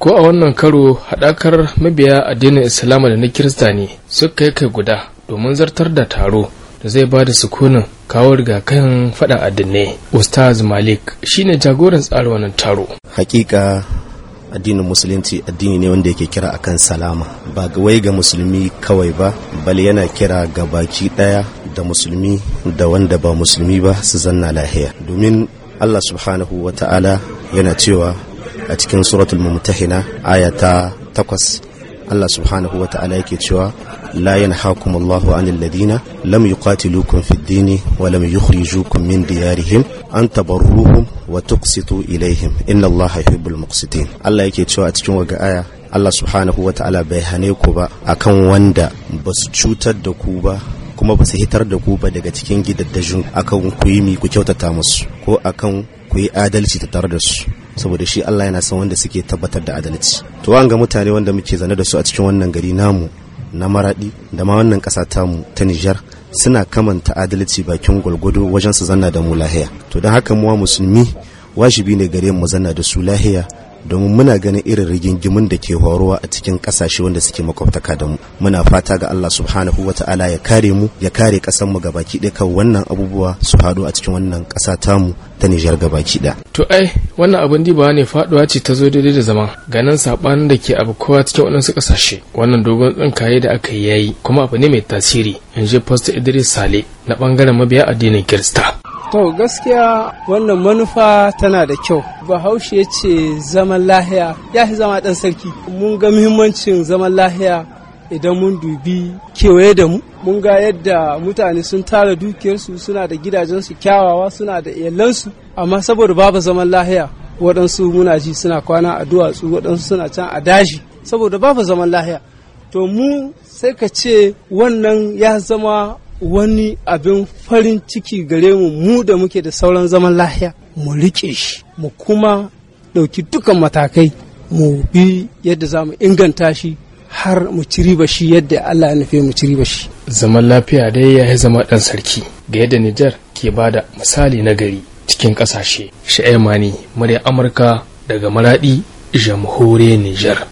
ko a wannan karo haɗakar mabiya addinin islam da na kirista ne suka kai guda domin zartar da taro da zai ba da sukunin kawo rigakafin faɗa addinai ustaz malik shine jagoran tsarin wannan taro hakika addinin musulunci addini ne wanda yake kira akan salama ba ga wai ga musulmi kawai ba bal yana kira ga baki ɗaya da musulmi da wanda ba musulmi ba su zanna lahiya domin allah subhanahu wa ta'ala yana cewa a cikin suratul mumtahina aya ta takwas Allah subhanahu wa ta'ala yake cewa la yanhaakum Allahu 'anil ladina lam yuqatilukum fid dini wa lam yukhrijukum min diyarihim an tabarruhum wa tuqsitu ilaihim inna Allaha yuhibbul muqsitin Allah yake cewa a cikin waga aya Allah subhanahu wa ta'ala bai hane ku ba akan wanda basu cutar da ku ba kuma basu hitar da ku ba daga cikin gidaddajin akan ku yi mi ku kyautata musu ko akan ku yi adalci ta tare da su saboda shi Allah yana son wanda suke tabbatar da adalci to an ga mutane wanda muke zane da su a cikin wannan gari namu na maradi da ma wannan ƙasa tamu ta Nijar suna kamanta adalci bakin gwalgwado wajen su zanna da mu lahiya to don haka muwa musulmi wajibi ne gare mu zanna da su lahiya domin muna ganin irin rigingimin da ke horowa a cikin kasashe wanda suke makwabtaka da mu muna fata ga Allah subhanahu wata'ala ya kare mu ya kare kasar mu gabaki ɗaya kan wannan abubuwa su haɗu a cikin wannan ƙasa tamu ta Nijar gabaki ɗaya to ai wannan abin diba ne faɗuwa ce ta zo daidai da zaman ganin saɓanin da ke abu kowa cikin waɗansu kasashe wannan dogon tsinkaye da aka yi yayi kuma abu ne mai tasiri in je Pastor Idris Sale na ɓangaren mabiya addinin Kirista To gaskiya wannan manufa tana da kyau. Bahaushe ya ce zaman lahiya ya fi zama ɗan sarki. Mun ga muhimmancin zaman lahiya idan mun dubi kewaye da mu. Mun ga yadda mutane sun tara dukiyarsu suna da gidajensu kyawawa suna da iyalansu amma saboda babu zaman lahiya waɗansu muna ji suna kwana a duwatsu waɗansu suna can a daji saboda babu zaman lahiya. To mu sai ka ce wannan ya zama wani abin farin ciki gare mu mu da muke da sauran zaman lahiya mu riƙe shi mu kuma ɗauki dukan matakai mu bi yadda za mu inganta shi har mu ci riba shi yadda Allah ya nufe mu ci riba shi. Zaman lafiya dai ya yi zama ɗan sarki ga yadda Nijar ke ba da misali na gari cikin ƙasashe. Sha'ai Mani, murya Amurka daga Maraɗi, jamhuriyar Nijar.